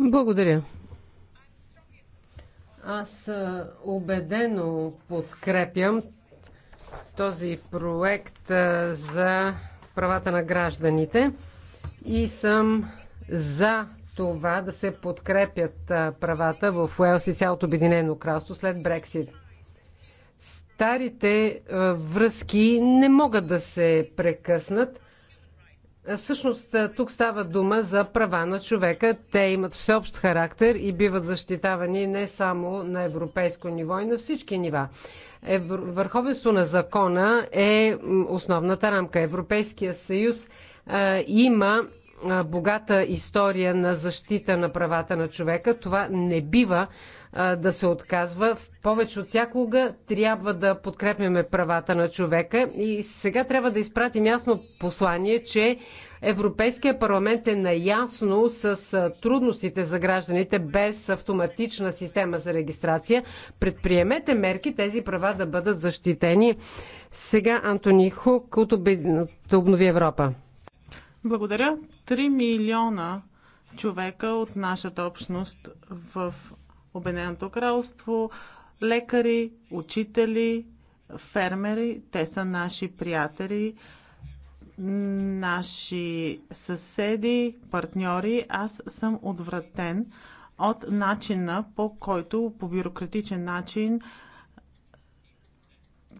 Благодаря. Аз убедено подкрепям този проект за правата на гражданите и съм за това да се подкрепят правата в Уелс и цялото Обединено кралство след Брексит. Старите връзки не могат да се прекъснат – Всъщност тук става дума за права на човека. Те имат всеобщ характер и биват защитавани не само на европейско ниво и на всички нива. Върховенство на закона е основната рамка. Европейския съюз има богата история на защита на правата на човека. Това не бива да се отказва. В повече от всякога трябва да подкрепяме правата на човека и сега трябва да изпратим ясно послание, че Европейския парламент е наясно с трудностите за гражданите без автоматична система за регистрация. Предприемете мерки тези права да бъдат защитени. Сега Антони Хук от Обнови Европа. Благодаря. 3 милиона човека от нашата общност в Обединеното кралство, лекари, учители, фермери, те са наши приятели, наши съседи, партньори. Аз съм отвратен от начина по който по бюрократичен начин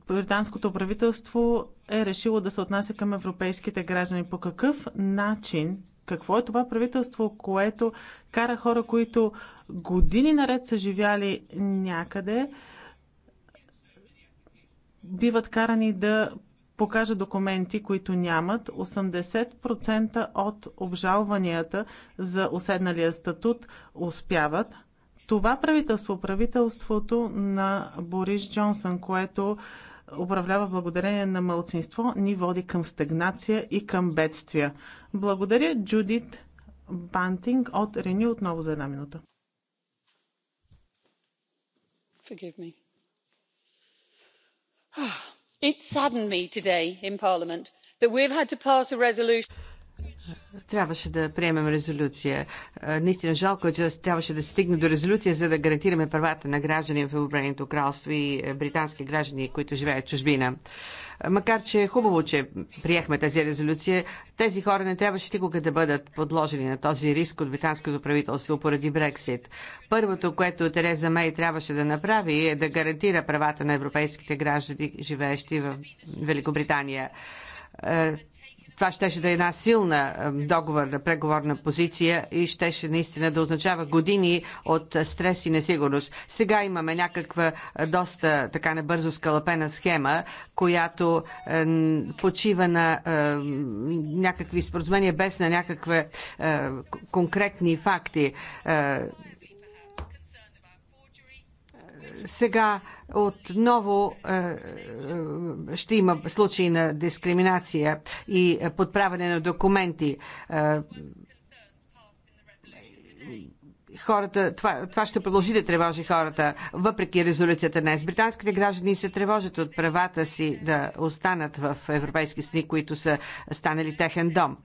британското правителство е решило да се отнася към европейските граждани. По какъв начин какво е това правителство, което кара хора, които години наред са живяли някъде, биват карани да покажа документи, които нямат. 80% от обжалванията за уседналия статут успяват. Това правителство, правителството на Борис Джонсън, което управлява благодарение на мълцинство, ни води към стагнация и към бедствия. Благодаря Джудит Бантинг от Рени отново за една минута. Forgive me. Ah, it saddened me today in Parliament that we've had to pass a resolution. Трябваше да приемем резолюция. Наистина жалко е, че трябваше да се стигне до резолюция, за да гарантираме правата на граждани в Обединеното кралство и е, британски граждани, които живеят в чужбина. Макар, че е хубаво, че приехме тази резолюция, тези хора не трябваше никога да бъдат подложени на този риск от британското правителство поради Брексит. Първото, което Тереза Мей трябваше да направи е да гарантира правата на европейските граждани, живеещи в Великобритания това щеше да е една силна договорна, преговорна позиция и щеше наистина да означава години от стрес и несигурност. Сега имаме някаква е, доста така небързо скалапена схема, която е, почива на е, някакви споразумения без на някакви е, конкретни факти. Е, сега отново е, е, ще има случаи на дискриминация и подправяне на документи. Е, хората, това, това ще продължи да тревожи хората, въпреки резолюцията днес. Британските граждани се тревожат от правата си да останат в европейски сни, които са станали техен дом.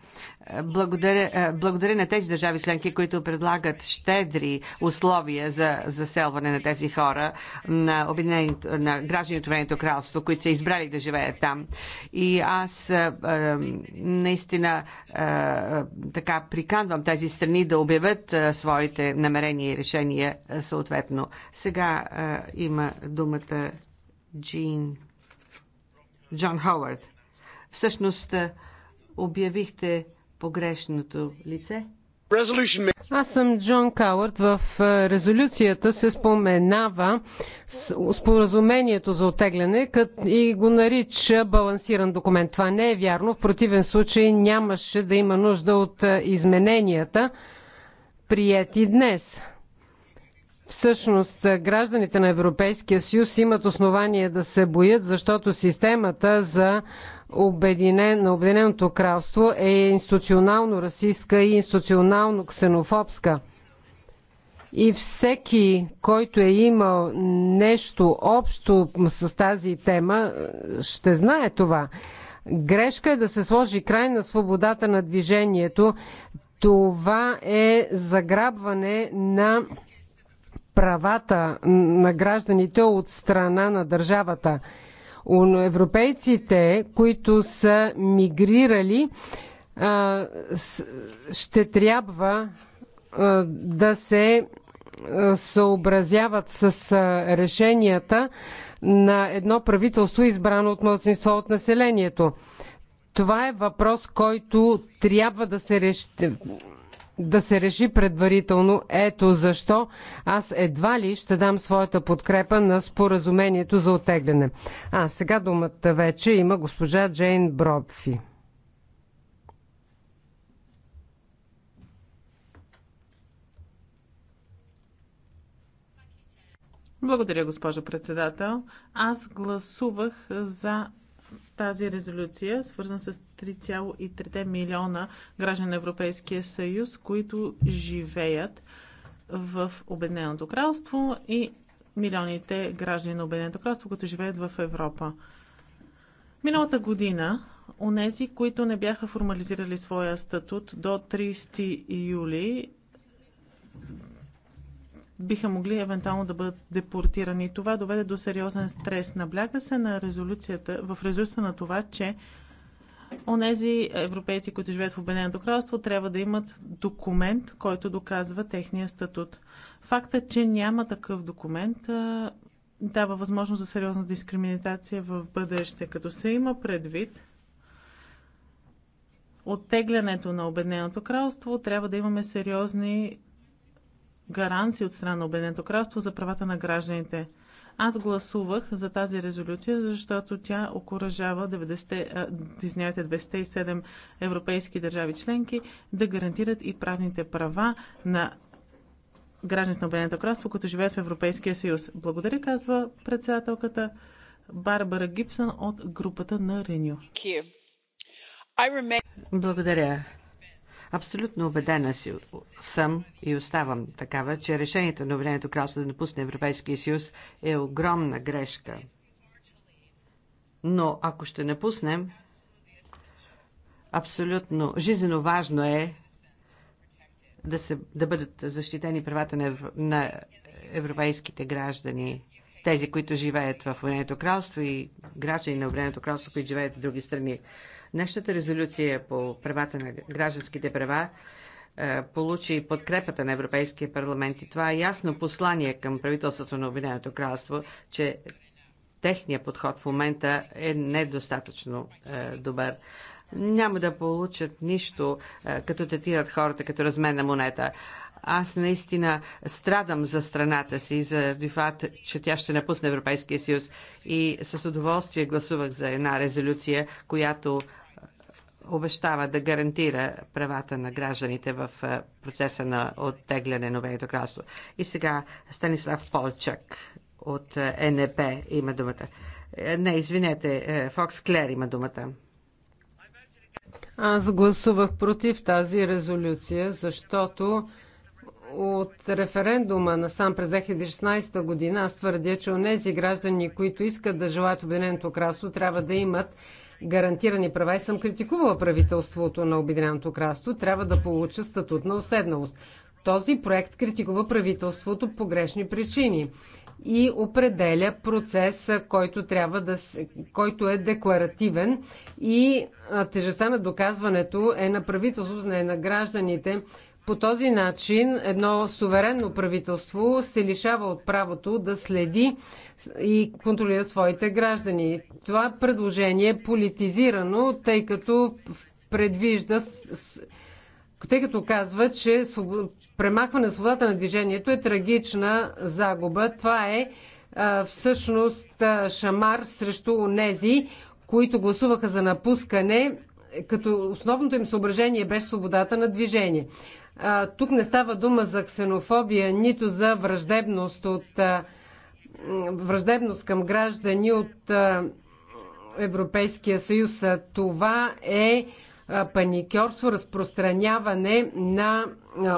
Благодаря, е, благодаря на тези държави членки, които предлагат щедри условия за заселване на тези хора на, на граждани от Обединеното кралство, които са избрали да живеят там. И аз е, е, наистина така приканвам тези страни да обявят своите намерения и решения съответно. Сега а, има думата Джин... Джон Ховард. Всъщност обявихте погрешното лице. Аз съм Джон Кауърт. В резолюцията се споменава споразумението за отегляне и го нарича балансиран документ. Това не е вярно. В противен случай нямаше да има нужда от измененията прияти днес. Всъщност, гражданите на Европейския съюз имат основание да се боят, защото системата за обединен, на Обединеното кралство е институционално расистка и институционално ксенофобска. И всеки, който е имал нещо общо с тази тема, ще знае това. Грешка е да се сложи край на свободата на движението. Това е заграбване на правата на гражданите от страна на държавата. Европейците, които са мигрирали, ще трябва да се съобразяват с решенията на едно правителство, избрано от младсинство от населението. Това е въпрос, който трябва да се реши да се реши предварително. Ето защо аз едва ли ще дам своята подкрепа на споразумението за отегляне. А сега думата вече има госпожа Джейн Бробфи. Благодаря, госпожо председател. Аз гласувах за тази резолюция, свързана с 3,3 милиона граждани на Европейския съюз, които живеят в Обединеното кралство и милионите граждани на Обединеното кралство, които живеят в Европа. Миналата година онези, които не бяха формализирали своя статут до 30 юли, биха могли евентуално да бъдат депортирани. Това доведе до сериозен стрес. Набляга се на резолюцията, в резолюцията на това, че онези европейци, които живеят в Обединеното кралство, трябва да имат документ, който доказва техния статут. Факта, че няма такъв документ, дава възможност за сериозна дискриминация в бъдеще, като се има предвид оттеглянето на Обединеното кралство, трябва да имаме сериозни гаранции от страна на Обединеното кралство за правата на гражданите. Аз гласувах за тази резолюция, защото тя окоръжава 90, 207 европейски държави членки да гарантират и правните права на гражданите на Обединеното кралство, които живеят в Европейския съюз. Благодаря, казва председателката Барбара Гибсън от групата на Реню. Благодаря. Абсолютно убедена си, съм и оставам такава, че решението на Обединеното кралство да напусне Европейския съюз е огромна грешка. Но ако ще напуснем, абсолютно жизненно важно е да, се, да бъдат защитени правата на, на европейските граждани, тези, които живеят в Обединеното кралство и граждани на Обединеното кралство, които живеят в други страни. Днешната резолюция по правата на гражданските права е, получи подкрепата на Европейския парламент и това е ясно послание към правителството на Обединеното кралство, че техният подход в момента е недостатъчно е, добър. Няма да получат нищо, е, като тетират хората като разменна монета. Аз наистина страдам за страната си, за факт, че тя ще напусне Европейския съюз и с удоволствие гласувах за една резолюция, която обещава да гарантира правата на гражданите в е, процеса на оттегляне на Обединеното кралство. И сега Станислав Полчак от е, НП има думата. Е, не, извинете, Фокс Клер има думата. Аз гласувах против тази резолюция, защото от референдума на сам през 2016 година аз твърдя, че онези граждани, които искат да желаят Обединеното кралство, трябва да имат гарантирани права и съм критикувала правителството на Обединеното кралство, трябва да получа статут на уседналост. Този проект критикува правителството по грешни причини и определя процес, който, трябва да, който е декларативен и тежестта на доказването е на правителството, не е на гражданите. По този начин едно суверенно правителство се лишава от правото да следи и контролира своите граждани. Това предложение е политизирано, тъй като предвижда тъй като казва, че премахване на свободата на движението е трагична загуба. Това е всъщност шамар срещу онези, които гласуваха за напускане, като основното им съображение беше свободата на движение. тук не става дума за ксенофобия, нито за враждебност от враждебност към граждани от Европейския съюз. Това е паникьорство, разпространяване на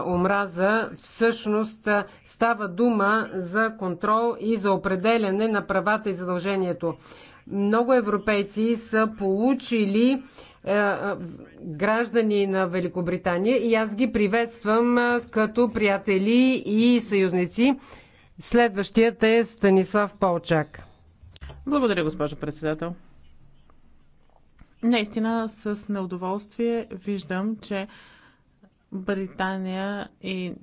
омраза. Всъщност става дума за контрол и за определяне на правата и задължението. Много европейци са получили граждани на Великобритания и аз ги приветствам като приятели и съюзници. Следващият е Станислав Полчак. Благодаря, госпожо председател. Наистина с неудоволствие виждам, че Британия и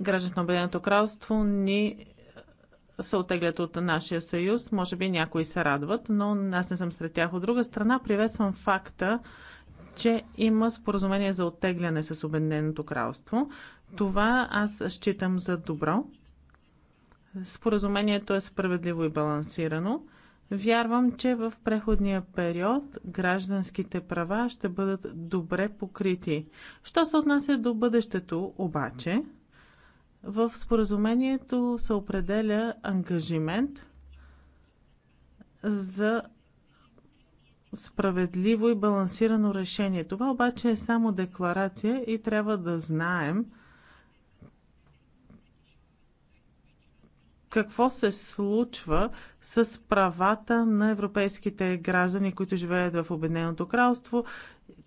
гражданите на Обединеното кралство ни се отеглят от нашия съюз. Може би някои се радват, но аз не съм сред тях. От друга страна, приветствам факта, че има споразумение за оттегляне с Обединеното кралство. Това аз считам за добро. Споразумението е справедливо и балансирано. Вярвам, че в преходния период гражданските права ще бъдат добре покрити. Що се отнася до бъдещето, обаче, в споразумението се определя ангажимент за справедливо и балансирано решение. Това обаче е само декларация и трябва да знаем – какво се случва с правата на европейските граждани, които живеят в Обединеното кралство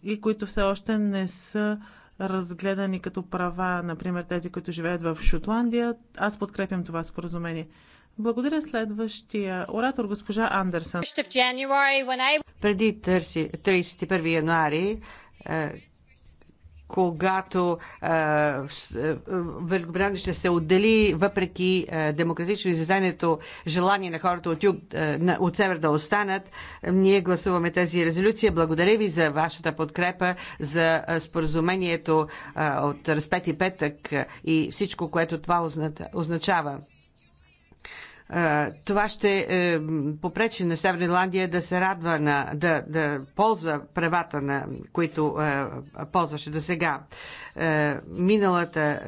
и които все още не са разгледани като права, например тези, които живеят в Шотландия. Аз подкрепям това споразумение. Благодаря следващия оратор, госпожа Андерсън. Преди 31 януари е, когато Великобритания ще се отдели, въпреки демократично изязанието желание на хората от, юг, от север да останат, ние гласуваме тази резолюция. Благодаря ви за вашата подкрепа, за споразумението от разпет и петък и всичко, което това означава това ще е, попречи на Северна Ирландия да се радва на, да, да ползва правата, на които е, ползваше до сега. Е, миналата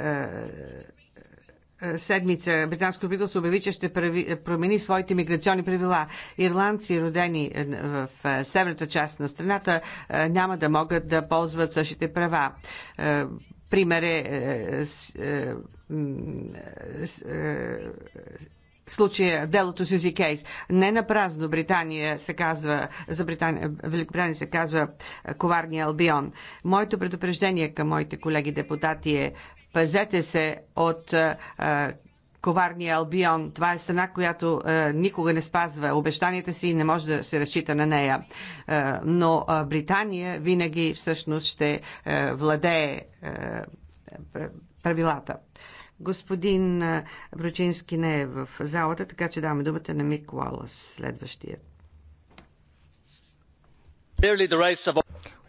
седмица британското правителство обяви, че ще прави, промени своите миграционни правила. Ирландци, родени в северната част на страната, няма да могат да ползват същите права. Пример е случая делото Сюзи Кейс. Не на празно Британия се казва, за Британия, Великобритания се казва коварния Албион. Моето предупреждение към моите колеги депутати е пазете се от коварния Албион. Това е страна, която е, никога не спазва обещанията си и не може да се разчита на нея. Е, но е, Британия винаги всъщност ще е, владее е, правилата. Господин Брочински не е в залата, така че даваме думата на Мик Уалас, следващия.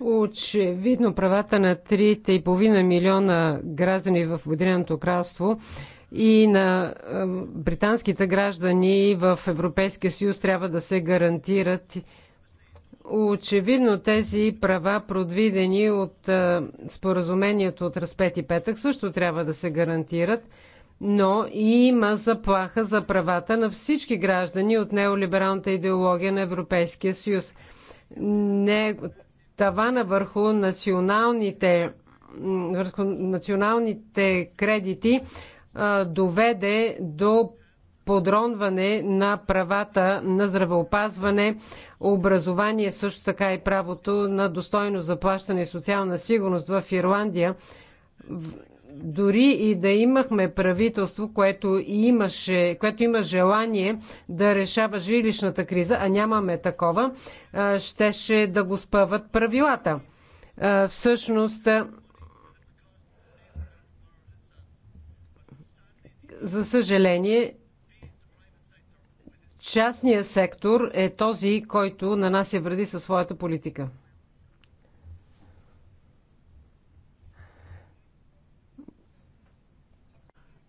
Очевидно правата на 3,5 милиона граждани в Обединеното кралство и на британските граждани в Европейския съюз трябва да се гарантират Очевидно тези права, продвидени от споразумението от разпети петък, също трябва да се гарантират, но и има заплаха за правата на всички граждани от неолибералната идеология на Европейския съюз. Не, тавана върху националните, върху националните кредити доведе до подронване на правата на здравеопазване, образование, също така и правото на достойно заплащане и социална сигурност в Ирландия. Дори и да имахме правителство, което, имаше, което има желание да решава жилищната криза, а нямаме такова, щеше да го спъват правилата. Всъщност, за съжаление, Частния сектор е този, който на нас е вреди със своята политика.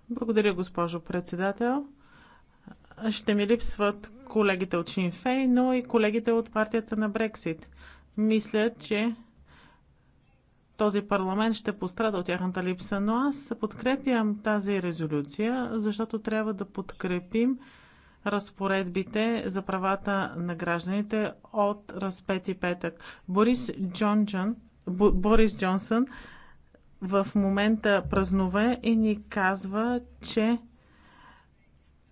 Благодаря, госпожо председател. Ще ми липсват колегите от Шинфей, но и колегите от партията на Брексит. Мисля, че този парламент ще пострада от тяхната липса, но аз подкрепям тази резолюция, защото трябва да подкрепим разпоредбите за правата на гражданите от разпети петък. Борис, Борис Джонсън в момента празнува и ни казва, че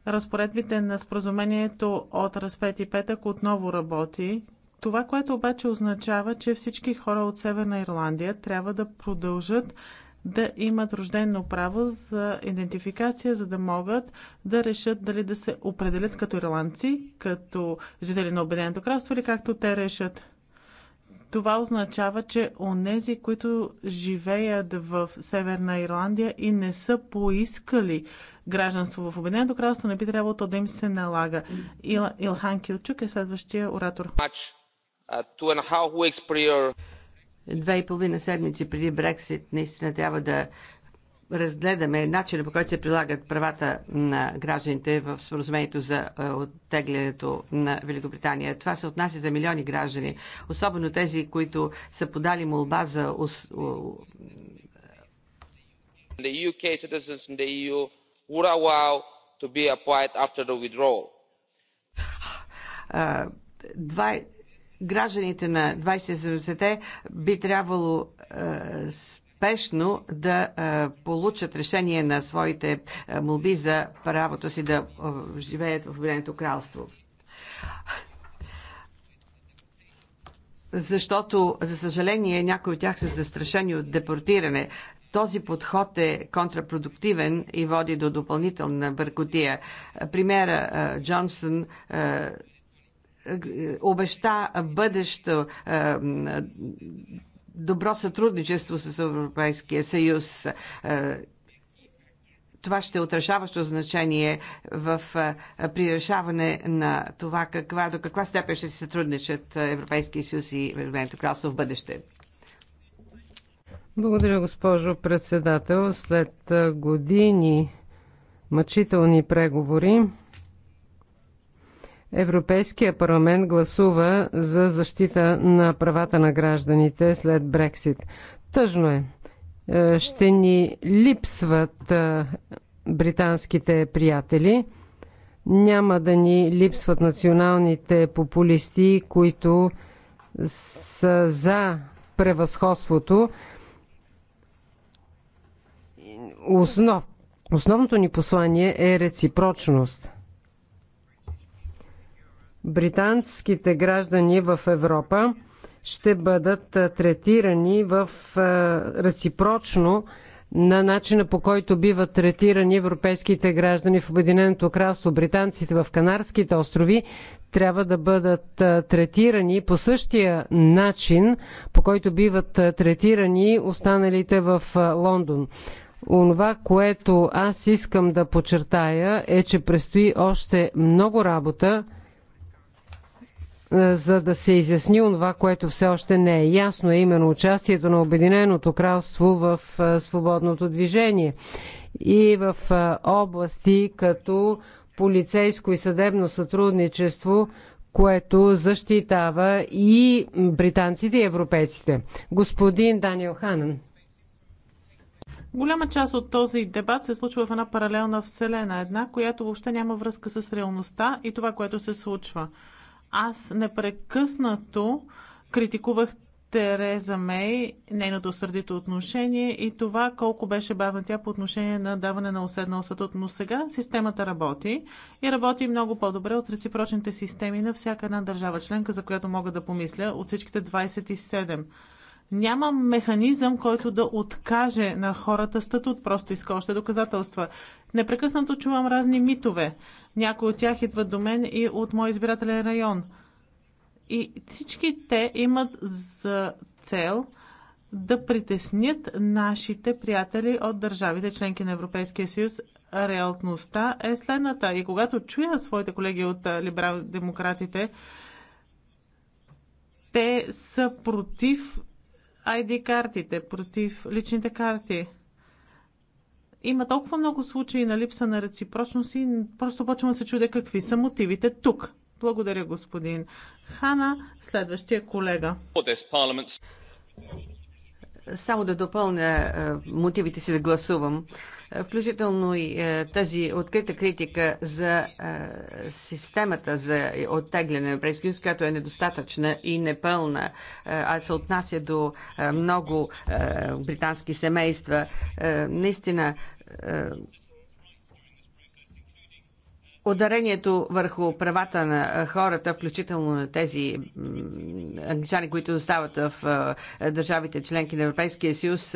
разпоредбите на споразумението от разпети петък отново работи. Това, което обаче означава, че всички хора от Северна Ирландия трябва да продължат да имат рождено право за идентификация, за да могат да решат дали да се определят като ирландци, като жители на Обединеното кралство или както те решат. Това означава, че онези, които живеят в Северна Ирландия и не са поискали гражданство в Обединеното кралство, не би трябвало то да им се налага. Ил, Илхан Килчук е следващия оратор. Uh, две и половина седмици преди Брексит наистина трябва да разгледаме начина по който се прилагат правата на гражданите в споразумението за е, оттеглянето на Великобритания. Това се отнася за милиони граждани, особено тези, които са подали молба за the UK citizens in the EU would allow to be applied after the withdrawal. Uh, гражданите на 2070-те би трябвало е, спешно да е, получат решение на своите е, молби за правото си да живеят в Обединеното кралство. Защото, за съжаление, някои от тях са застрашени от депортиране. Този подход е контрапродуктивен и води до допълнителна бъркотия. Примера Джонсън обеща бъдещо е, добро сътрудничество с Европейския съюз. Е, това ще е отрешаващо значение в, е, при решаване на това каква, до каква степен ще се сътрудничат Европейския съюз и Обединеното кралство в бъдеще. Благодаря, госпожо председател. След години мъчителни преговори, Европейския парламент гласува за защита на правата на гражданите след Брексит. Тъжно е. е ще ни липсват е, британските приятели. Няма да ни липсват националните популисти, които са за превъзходството. Основ... Основното ни послание е реципрочност британските граждани в Европа ще бъдат третирани в реципрочно на начина по който биват третирани европейските граждани в Обединеното кралство. Британците в Канарските острови трябва да бъдат третирани по същия начин, по който биват третирани останалите в Лондон. Онова, което аз искам да подчертая е, че предстои още много работа е, за да се изясни това, което все още не е ясно, е именно участието на Обединеното кралство в е, свободното движение и в е, области като полицейско и съдебно сътрудничество, което защитава и британците и европейците. Господин Даниел Ханен. Голяма част от този дебат се случва в една паралелна вселена, една, която въобще няма връзка с реалността и това, което се случва. Аз непрекъснато критикувах Тереза Мей, нейното сърдито отношение и това колко беше бавна тя по отношение на даване на уседнал статут. Но сега системата работи и работи много по-добре от реципрочните системи на всяка една държава членка, за която мога да помисля, от всичките 27. Няма механизъм, който да откаже на хората статут, просто иска още доказателства. Непрекъснато чувам разни митове. Някои от тях идват до мен и от мой избирателен район. И всички те имат за цел да притеснят нашите приятели от държавите членки на Европейския съюз. Реалността е следната. И когато чуя своите колеги от либерал-демократите, те са против ID картите, против личните карти. Има толкова много случаи на липса на реципрочност и просто почвам да се чудя какви са мотивите тук. Благодаря, господин Хана. Следващия колега. Само да допълня е, мотивите си да гласувам включително и е, тази открита критика за е, системата за оттегляне на Европейския съюз, която е недостатъчна и непълна, е, а се отнася до много британски семейства. Наистина, ударението върху правата на хората, включително на тези англичани, които остават в държавите членки на Европейския съюз,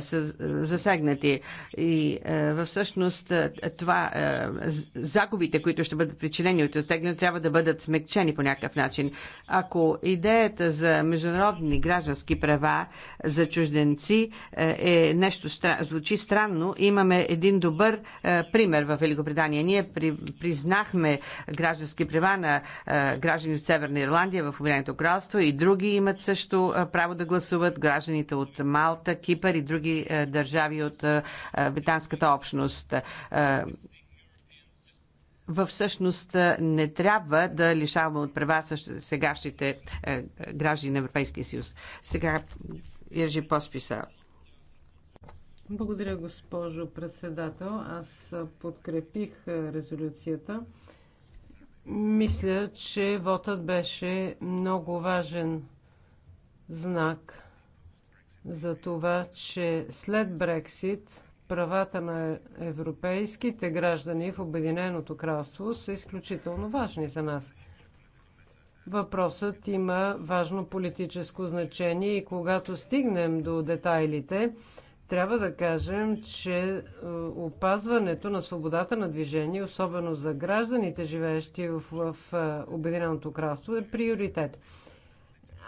са засегнати. И всъщност това, загубите, които ще бъдат причинени от изтеглянето, трябва да бъдат смекчени по някакъв начин. Ако идеята за международни граждански права за чужденци е нещо, звучи странно, имаме един добър пример в Великобритания. Ние при признахме граждански права на граждани от Северна Ирландия в Обединеното кралство и други имат също право да гласуват гражданите от Малта, Кипър и други държави от британската общност във всъщност не трябва да лишаваме от права сегашните граждани на Европейския съюз. Сега по Посписа. Благодаря, госпожо председател. Аз подкрепих резолюцията. Мисля, че вотът беше много важен знак за това, че след Брексит правата на европейските граждани в Обединеното кралство са изключително важни за нас. Въпросът има важно политическо значение и когато стигнем до детайлите, трябва да кажем, че е, опазването на свободата на движение, особено за гражданите, живеещи в, в е, Обединеното кралство, е приоритет.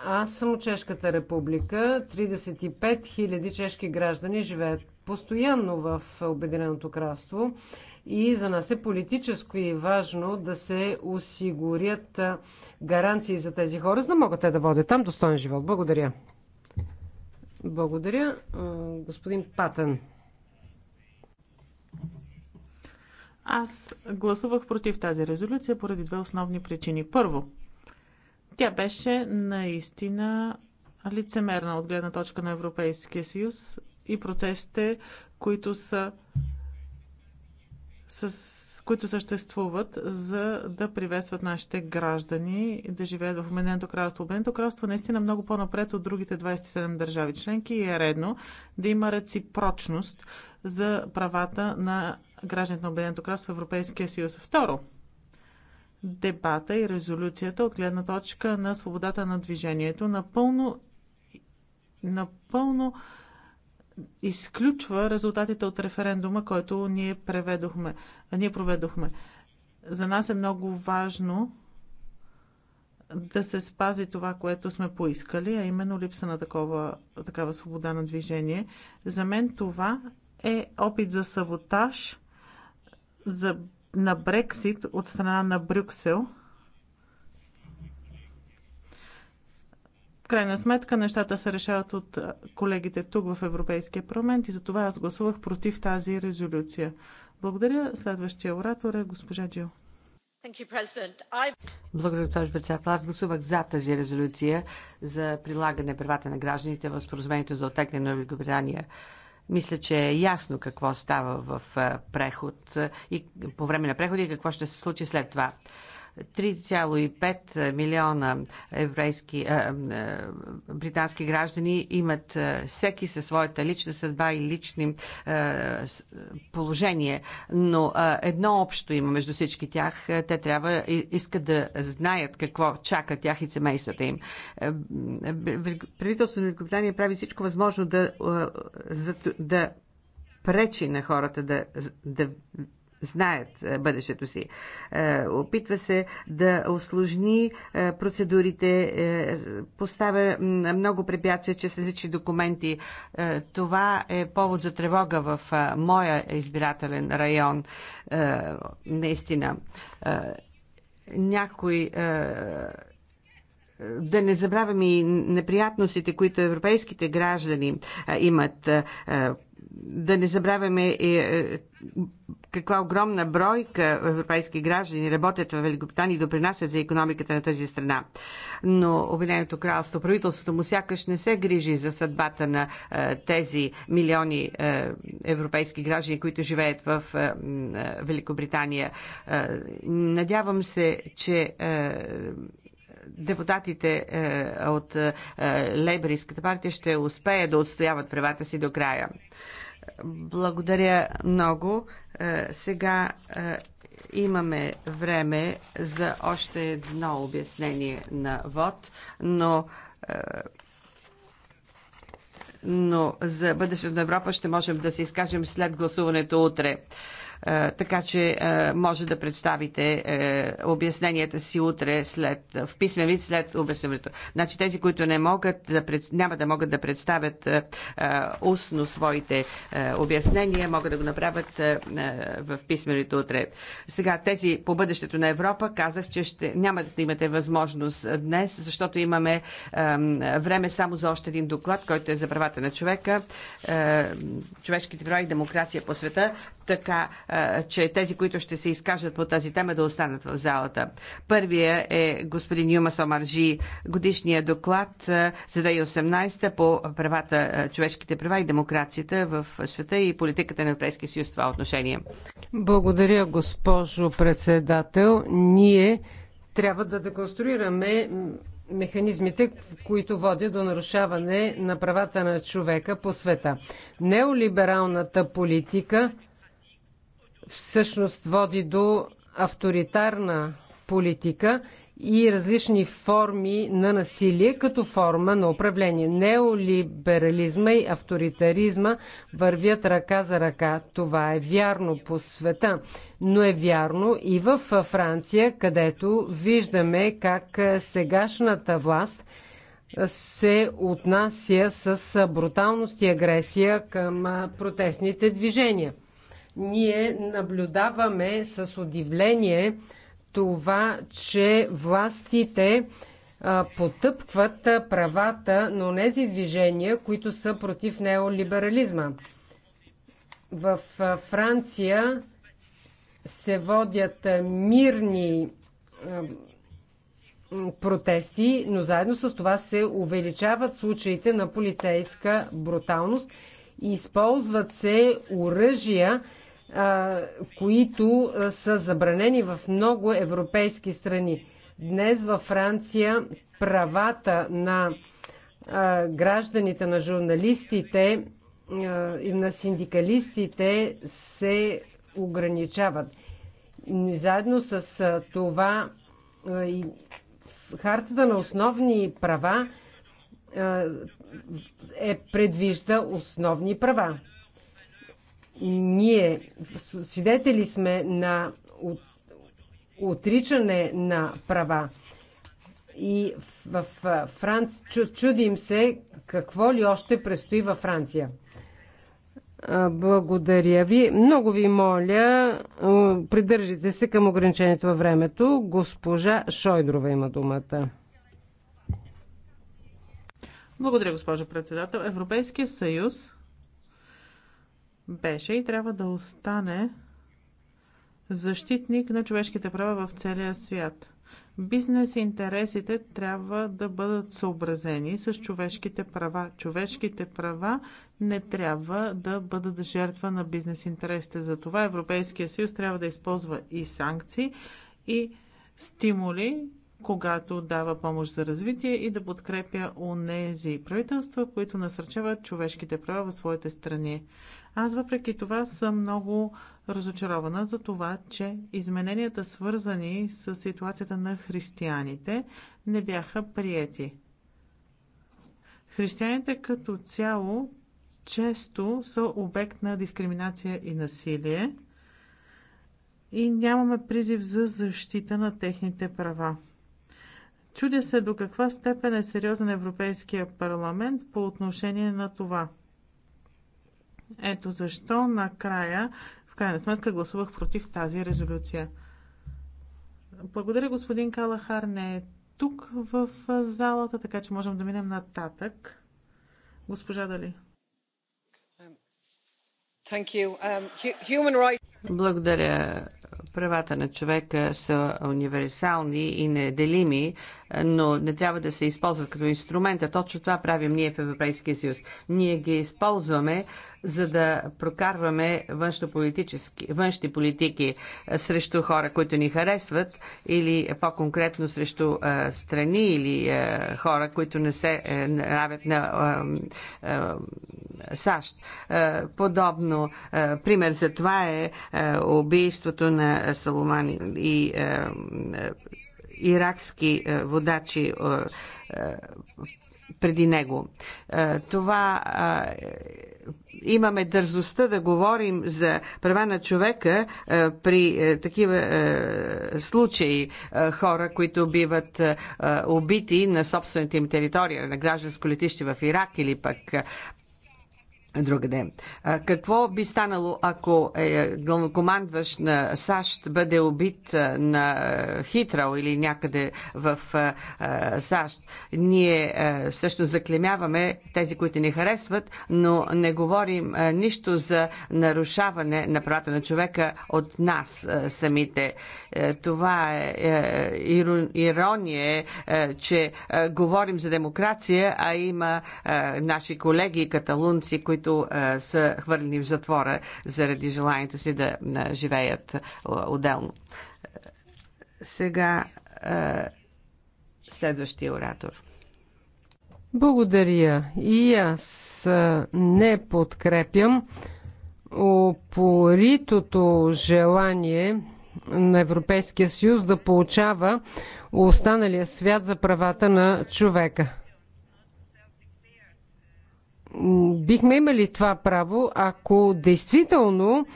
Аз съм от Чешката република. 35 000 чешки граждани живеят постоянно в Обединеното кралство и за нас е политическо и важно да се осигурят е, гаранции за тези хора, за да могат те да водят там достоен живот. Благодаря. Благодаря. Господин Патън. Аз гласувах против тази резолюция поради две основни причини. Първо, тя беше наистина лицемерна от гледна точка на Европейския съюз и процесите, които са с които съществуват, за да приветстват нашите граждани да живеят в Обединеното кралство. Обединеното кралство е наистина много по-напред от другите 27 държави членки и е редно да има реципрочност за правата на гражданите на Обединеното кралство в Европейския съюз. Второ, дебата и резолюцията от гледна точка на свободата на движението напълно, напълно изключва резултатите от референдума, който ние, преведохме, ние проведохме. За нас е много важно да се спази това, което сме поискали, а именно липса на такова, такава свобода на движение. За мен това е опит за саботаж за, на Брексит от страна на Брюксел – В крайна сметка нещата се решават от колегите тук в Европейския парламент и затова аз гласувах против тази резолюция. Благодаря. Следващия оратор е госпожа Джил. Благодаря, госпожо председател. Аз гласувах за тази резолюция за прилагане правата на гражданите в споразумението за отегляне на Великобритания мисля, че е ясно какво става в преход и по време на преходи и какво ще се случи след това. 3,5 милиона еврейски, а, а, британски граждани имат а, всеки със своята лична съдба и лични а, положение, но а, едно общо има между всички тях. Те трябва и, искат да знаят какво чака тях и семействата им. Правителството на Великобритания прави всичко възможно да, а, за, да пречи на хората да, да знаят е, бъдещето си. Е, опитва се да осложни е, процедурите, поставя много препятствия че се различни документи. Това е повод за тревога в моя избирателен район. Наистина. Някой да не забравяме и неприятностите, които европейските граждани имат да не забравяме е, каква огромна бройка европейски граждани работят в Великобритания и допринасят за економиката на тази страна. Но Обединеното кралство, правителството му сякаш не се грижи за съдбата на е, тези милиони е, европейски граждани, които живеят в е, е, Великобритания. Е, надявам се, че е, депутатите е, от е, Лейбористската партия ще успеят да отстояват правата си до края. Благодаря много. Е, сега е, имаме време за още едно обяснение на ВОД, но е, но за бъдещето на Европа ще можем да се изкажем след гласуването утре. Е, така че е, може да представите е, обясненията си утре след, в писмен вид след обяснението. Значи тези, които не могат да, няма да могат да представят устно своите обяснения, могат да го направят в писменето утре. Сега тези по бъдещето на Европа казах, че ще, няма да имате възможност днес, защото имаме време само за още един доклад, който е за правата на човека, човешките права и демокрация по света така че тези, които ще се изкажат по тази тема, да останат в залата. Първия е господин Юма Сомаржи, годишния доклад за 2018 по правата, човешките права и демокрацията в света и политиката на Европейския съюз в това отношение. Благодаря, госпожо председател. Ние трябва да деконструираме механизмите, които водят до нарушаване на правата на човека по света. Неолибералната политика всъщност води до авторитарна политика и различни форми на насилие като форма на управление. Неолиберализма и авторитаризма вървят ръка за ръка. Това е вярно по света, но е вярно и в Франция, където виждаме как сегашната власт се отнася с бруталност и агресия към протестните движения. Ние наблюдаваме с удивление това, че властите потъпкват правата на тези движения, които са против неолиберализма. В Франция се водят мирни протести, но заедно с това се увеличават случаите на полицейска бруталност и използват се оръжия които са забранени в много европейски страни. Днес във Франция правата на гражданите, на журналистите и на синдикалистите се ограничават. Заедно с това хартата на основни права е предвижда основни права. Ние свидетели сме на отричане на права. И в Франция чудим се какво ли още предстои във Франция. Благодаря ви. Много ви моля, придържите се към ограничението във времето. Госпожа Шойдрова има думата. Благодаря, госпожо председател. Европейския съюз беше и трябва да остане защитник на човешките права в целия свят. Бизнес интересите трябва да бъдат съобразени с човешките права. Човешките права не трябва да бъдат жертва на бизнес интересите. Затова Европейския съюз трябва да използва и санкции, и стимули, когато дава помощ за развитие и да подкрепя онези правителства, които насърчават човешките права в своите страни. Аз въпреки това съм много разочарована за това, че измененията свързани с ситуацията на християните не бяха приети. Християните като цяло често са обект на дискриминация и насилие и нямаме призив за защита на техните права. Чудя се до каква степен е сериозен Европейския парламент по отношение на това – ето защо накрая, в крайна сметка, гласувах против тази резолюция. Благодаря, господин Калахар. Не е тук в залата, така че можем да минем нататък. Госпожа Дали. Um, Благодаря. Правата на човека са универсални и неделими но не трябва да се използват като инструмента. Точно това правим ние в Европейския съюз. Ние ги използваме, за да прокарваме външни политики е, срещу хора, които ни харесват или по-конкретно срещу а, е, страни или а, е, хора, които не се нравят на а, а, САЩ. А, подобно а, пример за това е а, убийството на Соломани и а, иракски е, водачи е, е, преди него. Това имаме дързостта да говорим за права на човека при такива случаи хора, които биват убити на собствените им територия, на гражданско летище в Ирак или пък другаде. какво би станало, ако е, главнокомандващ на САЩ бъде убит на Хитрал или някъде в САЩ? Ние всъщност заклемяваме тези, които ни харесват, но не говорим нищо за нарушаване на правата на човека от нас самите. това е, е ирония, е, че говорим за демокрация, а има наши колеги каталунци, които които а, са хвърлени в затвора заради желанието си да а, живеят а, отделно. Сега а, следващия оратор. Благодаря. И аз не подкрепям опоритото желание на Европейския съюз да получава останалия свят за правата на човека бихме имали това право, ако действително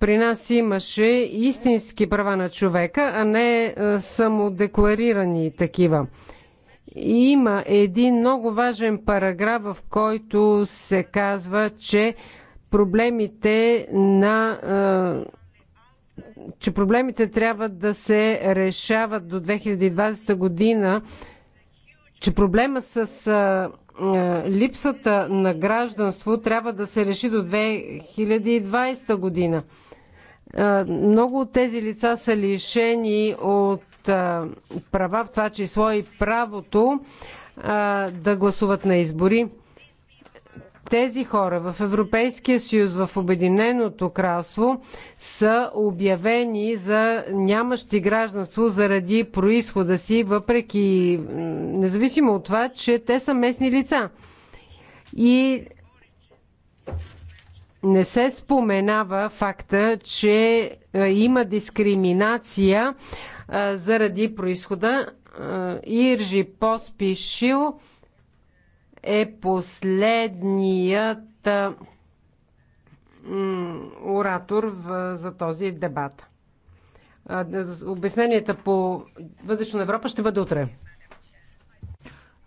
при нас имаше истински права на човека, а не само декларирани такива. Има един много важен параграф, в който се казва, че проблемите на че проблемите трябва да се решават до 2020 година, че проблема с е, липсата на гражданство трябва да се реши до 2020 година. Е, много от тези лица са лишени от е, права, в това число и правото да гласуват на избори. Тези хора в Европейския съюз, в Обединеното кралство са обявени за нямащи гражданство заради происхода си, въпреки независимо от това, че те са местни лица. И не се споменава факта, че има дискриминация заради происхода. Иржи Поспишил е последният оратор за този дебат. Обясненията по вътрешна Европа ще бъде утре.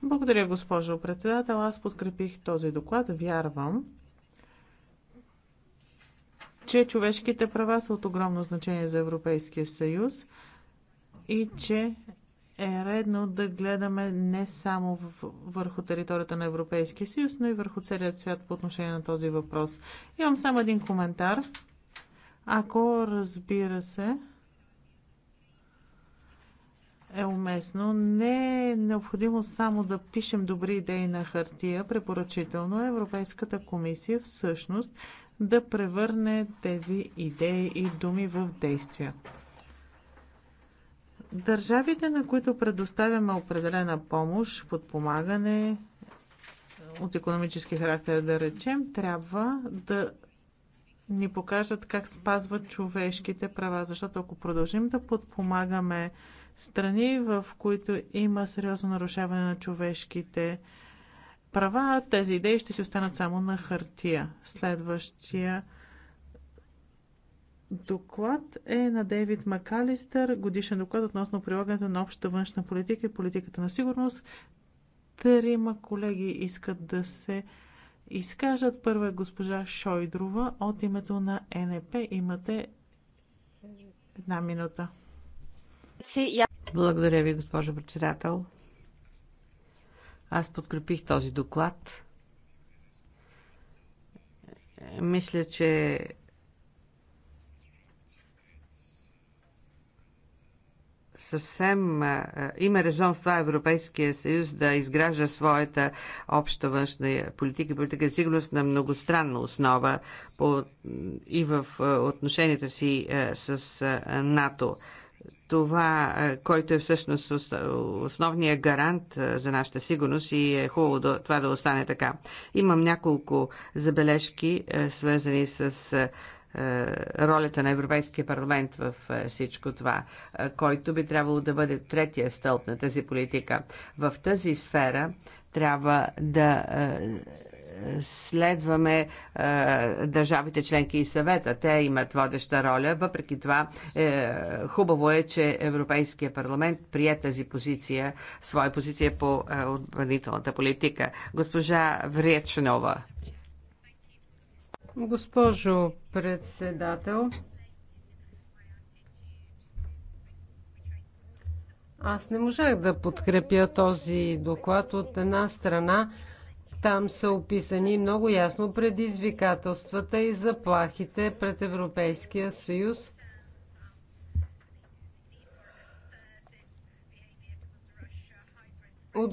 Благодаря, госпожо председател. Аз подкрепих този доклад. Вярвам, че човешките права са от огромно значение за Европейския съюз и че е редно да гледаме не само върху територията на Европейския съюз, но и върху целият свят по отношение на този въпрос. Имам само един коментар. Ако, разбира се, е уместно. Не е необходимо само да пишем добри идеи на хартия. Препоръчително е Европейската комисия всъщност да превърне тези идеи и думи в действия. Държавите, на които предоставяме определена помощ, подпомагане от економически характер, да речем, трябва да ни покажат как спазват човешките права, защото ако продължим да подпомагаме страни, в които има сериозно нарушаване на човешките права, тези идеи ще си останат само на хартия. Следващия доклад е на Дейвид Макалистър, годишен доклад относно прилагането на общата външна политика и политиката на сигурност. Трима колеги искат да се изкажат. Първа е госпожа Шойдрова от името на НП. Имате една минута. Благодаря ви, госпожо председател. Аз подкрепих този доклад. Мисля, че съвсем има резон в това Европейския съюз да изгражда своята обща външна политика и политика за сигурност на многостранна основа по, и в отношенията си с НАТО това, който е всъщност основният гарант за нашата сигурност и е хубаво това да остане така. Имам няколко забележки, свързани с е, ролята на Европейския парламент в е, всичко това, е, който би трябвало да бъде третия стълб на тази политика. В тази сфера трябва да следваме е, държавите членки и съвета. Те имат водеща роля. Въпреки това, е, хубаво е, че Европейския парламент прие тази позиция, своя позиция по е, отбранителната политика. Госпожа Вречнова. Госпожо председател, аз не можах да подкрепя този доклад от една страна. Там са описани много ясно предизвикателствата и заплахите пред Европейския съюз. От,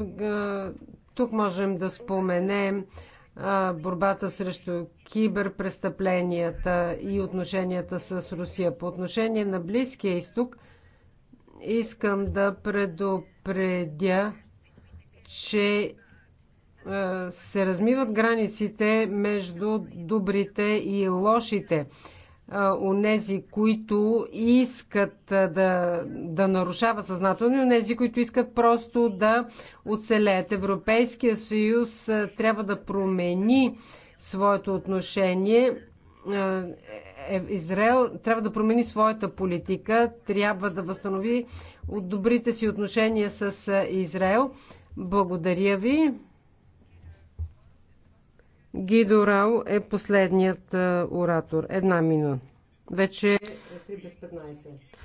тук можем да споменем борбата срещу киберпрестъпленията и отношенията с Русия. По отношение на Близкия изток, искам да предупредя, че се размиват границите между добрите и лошите онези, които искат да, да нарушават съзнателно и онези, които искат просто да оцелеят. Европейския съюз трябва да промени своето отношение. Е, Израел трябва да промени своята политика, трябва да възстанови от добрите си отношения с Израел. Благодаря ви. Гидо Рао е последният оратор. Една минута. Вече е 3 без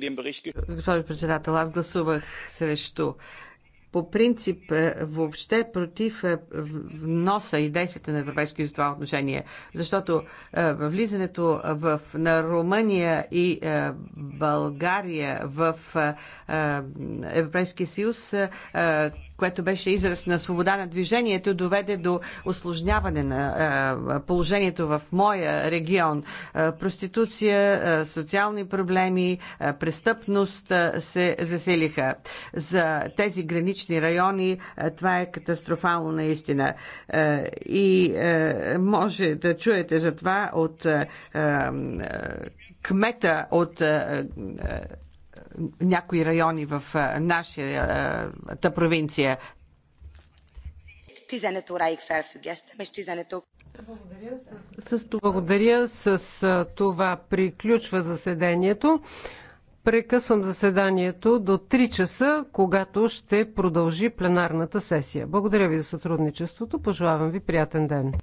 15. Госпожо председател, аз гласувах срещу по принцип е, въобще против е, вноса и действията на европейски съюз в това отношение, защото е, влизането в, на Румъния и България в Европейския съюз което беше израз на свобода на движението, доведе до осложняване на положението в моя регион. Проституция, социални проблеми, престъпност се заселиха. За тези гранични райони това е катастрофално наистина. И може да чуете за това от кмета от някои райони в нашата провинция. Благодаря с... с... Благодаря. С това приключва заседанието. Прекъсвам заседанието до 3 часа, когато ще продължи пленарната сесия. Благодаря ви за сътрудничеството. Пожелавам ви приятен ден.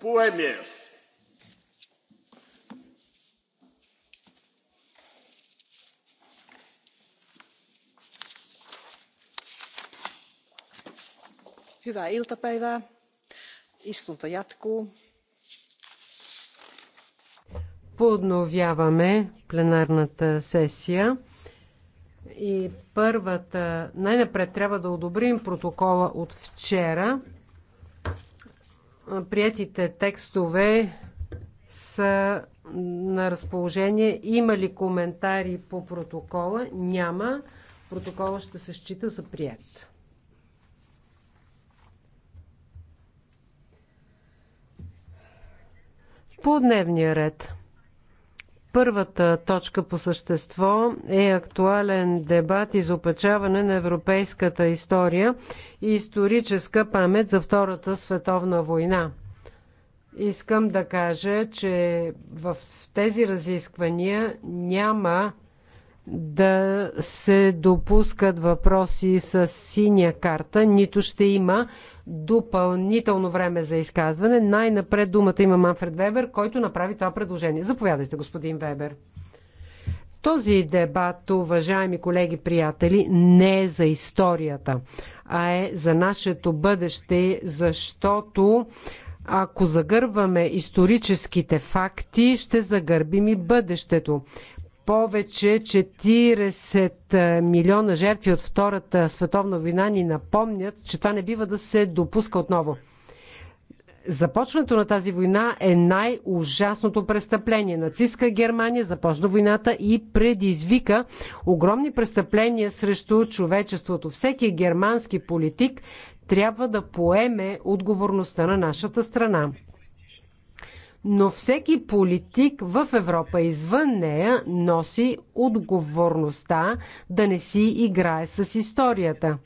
puhemies hyvää iltapäivää istunto jatkuu. Подновяваме пленарната сесия. И първата, най-напред трябва да одобрим протокола от вчера приятите текстове са на разположение. Има ли коментари по протокола? Няма. Протокола ще се счита за прият. По дневния ред първата точка по същество е актуален дебат и изопечаване на европейската история и историческа памет за Втората световна война. Искам да кажа, че в тези разисквания няма да се допускат въпроси с синя карта, нито ще има допълнително време за изказване. Най-напред думата има Манфред Вебер, който направи това предложение. Заповядайте, господин Вебер. Този дебат, уважаеми колеги, приятели, не е за историята, а е за нашето бъдеще, защото ако загърбваме историческите факти, ще загърбим и бъдещето повече 40 е, милиона жертви от Втората световна война ни напомнят, че това не бива да се допуска отново. Започването на тази война е най-ужасното престъпление. Нацистска Германия започна войната и предизвика огромни престъпления срещу човечеството. Всеки германски политик трябва да поеме отговорността на нашата страна но всеки политик в Европа извън нея носи отговорността да не си играе с историята.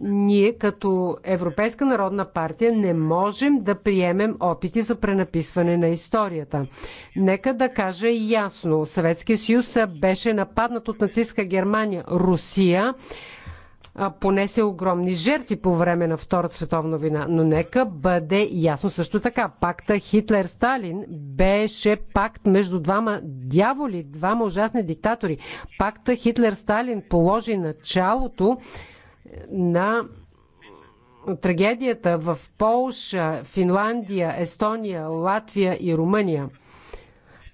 Ние като Европейска народна партия не можем да приемем опити за пренаписване на историята. Нека да кажа ясно, Съветския съюз беше нападнат от нацистска Германия, Русия понесе огромни жертви по време на Втората световна война. Но нека бъде ясно също така. Пакта Хитлер-Сталин беше пакт между двама дяволи, двама ужасни диктатори. Пакта Хитлер-Сталин положи началото е, на трагедията в Полша, Финландия, Естония, Латвия и Румъния.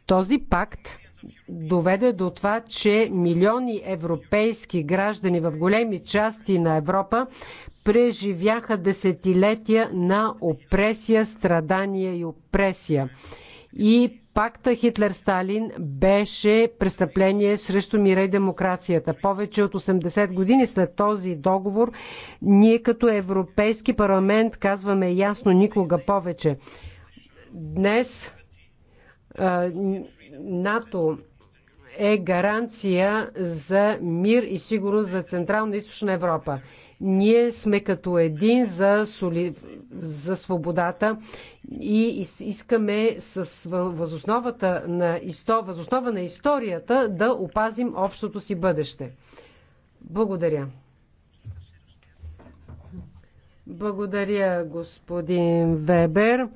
Този пакт доведе до това, че милиони европейски граждани в големи части на Европа преживяха десетилетия на опресия, страдания и опресия. И пакта Хитлер-Сталин беше престъпление срещу мира и демокрацията. Повече от 80 години след този договор, ние като Европейски парламент казваме ясно никога повече. Днес НАТО е гаранция за мир и сигурност за Централна и Източна Европа. Ние сме като един за, соли... за свободата и искаме с възосновата на... възоснова на историята да опазим общото си бъдеще. Благодаря. Благодаря, господин Вебер.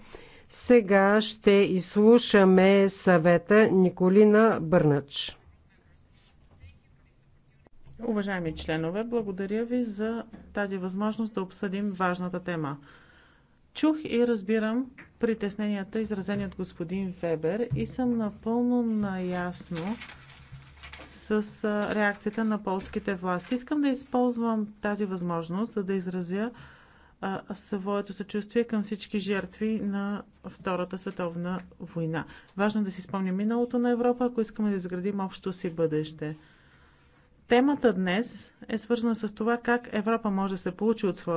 Сега ще изслушаме съвета Николина Бърнач. Уважаеми членове, благодаря ви за тази възможност да обсъдим важната тема. Чух и разбирам притесненията, изразени от господин Вебер и съм напълно наясно с реакцията на полските власти. Искам да използвам тази възможност, за да изразя а, своето съчувствие към всички жертви на Втората световна война. Важно да си спомним миналото на Европа, ако искаме да изградим общото си бъдеще. Темата днес е свързана с това как Европа може да се получи от своя